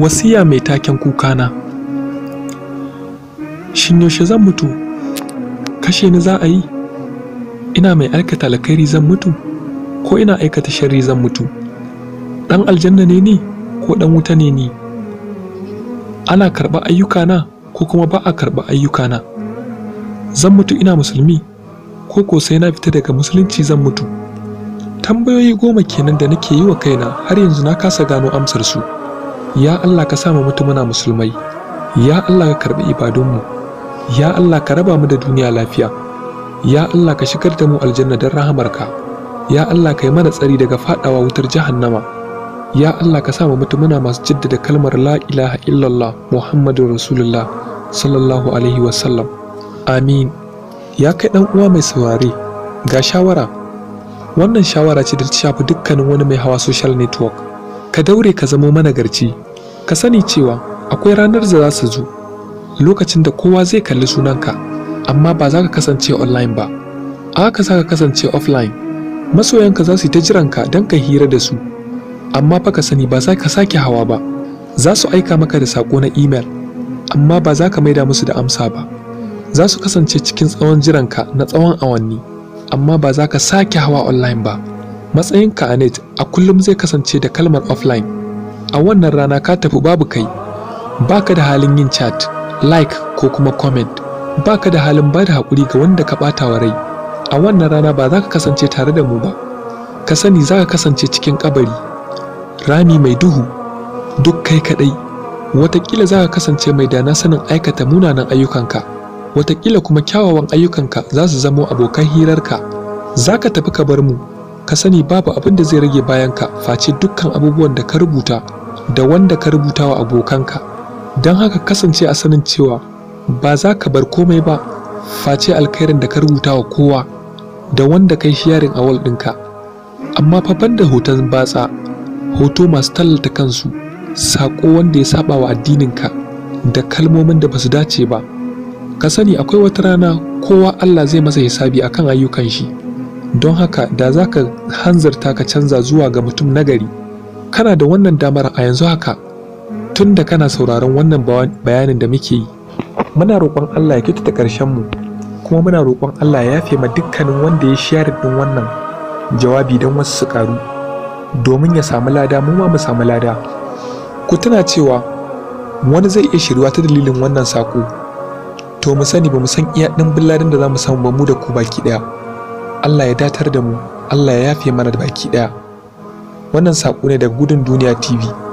wasiya mai taken kuka na shin yaushe zan mutu kashe ni za a yi ina mai aikata alkhairi zan mutu ko ina aikata sharri zan mutu dan aljanna ne ni ko dan wuta ne ni ana karɓa na, ko kuma ba a ayyuka na. zan mutu ina musulmi ko ko sai na fita daga musulunci zan mutu tambayoyi goma kenan da nake yi wa kaina har yanzu na kasa gano amsar su. ya Allah ka sa mu muna musulmai ya Allah ka karbi ibadunmu ya Allah ka raba mu da duniya lafiya ya Allah ka shigar da mu aljanna don rahamarka ya Allah ka yi mana tsari daga fadawa wutar jahannama ya Allah ka sa mu muna masu jaddada kalmar la ilaha illallah muhammadun rasulullah sallallahu alaihi wasallam amin ya kai dan uwa mai saurare ga shawara wannan shawara ce da ta shafi dukkanin wani mai hawa social network ka daure ka zamo mana managarci ka sani cewa akwai ranar da za su zo lokacin da kowa zai kalli sunanka amma ba za ka kasance online ba a haka za ka kasance offline masoyanka za su yi ta jiranka don ka hira da su amma fa ka sani ba za ka sake hawa ba za su aika maka da sako na email amma ba za ka maida musu da amsa ba za su kasance cikin tsawon jiranka na tsawon awanni amma ba za ka sake hawa online ba matsayinka a net a kullum zai kasance da kalmar offline a wannan rana ka tafi babu kai baka da halin yin chat like ko kuma comment baka da halin ba da haƙuri ga wanda ka ɓata wa rai a wannan rana ba za ka kasance tare da mu ba ka sani za ka kasance cikin kabari rami mai duhu duk kai kaɗai watakila za ka kasance mai dana sanin aikata munanan ayyukanka watakila kuma kyawawan ayyukanka za su zamo abokan hirarka za ka tafi ka bar mu ka sani babu abin da zai rage bayan ka face dukkan abubuwan da ka rubuta da wanda ka rubuta wa abokanka don haka kasance a sanin cewa ba za ka bar komai ba face alkhairin da ka rubuta wa kowa da wanda kai sharing a wall ɗinka amma fa da hoton batsa hoto masu tallata kansu saƙo wanda ya saba wa addininka da kalmomin da ba su dace ba ka sani akwai wata rana kowa Allah zai masa hisabi akan ayyukan shi don haka da za ka hanzarta ka canza zuwa ga mutum nagari kana da wannan damar a yanzu haka tun da kana sauraron wannan bayanin da muke yi muna roƙon Allah ya kyautata ƙarshen mu kuma muna roƙon Allah ya yafe ma dukkanin wanda ya share ɗin wannan jawabi don wasu su ƙaru domin ya samu lada mu ma mu samu lada ku tuna cewa wani zai iya shirwa ta dalilin wannan sako to mu sani ba mu san iya ɗin billadin da za mu samu ba mu da ku baki ɗaya Allah ya datar da mu Allah ya yafe mana da baki ɗaya wannan saƙo ne daga gudun duniya tv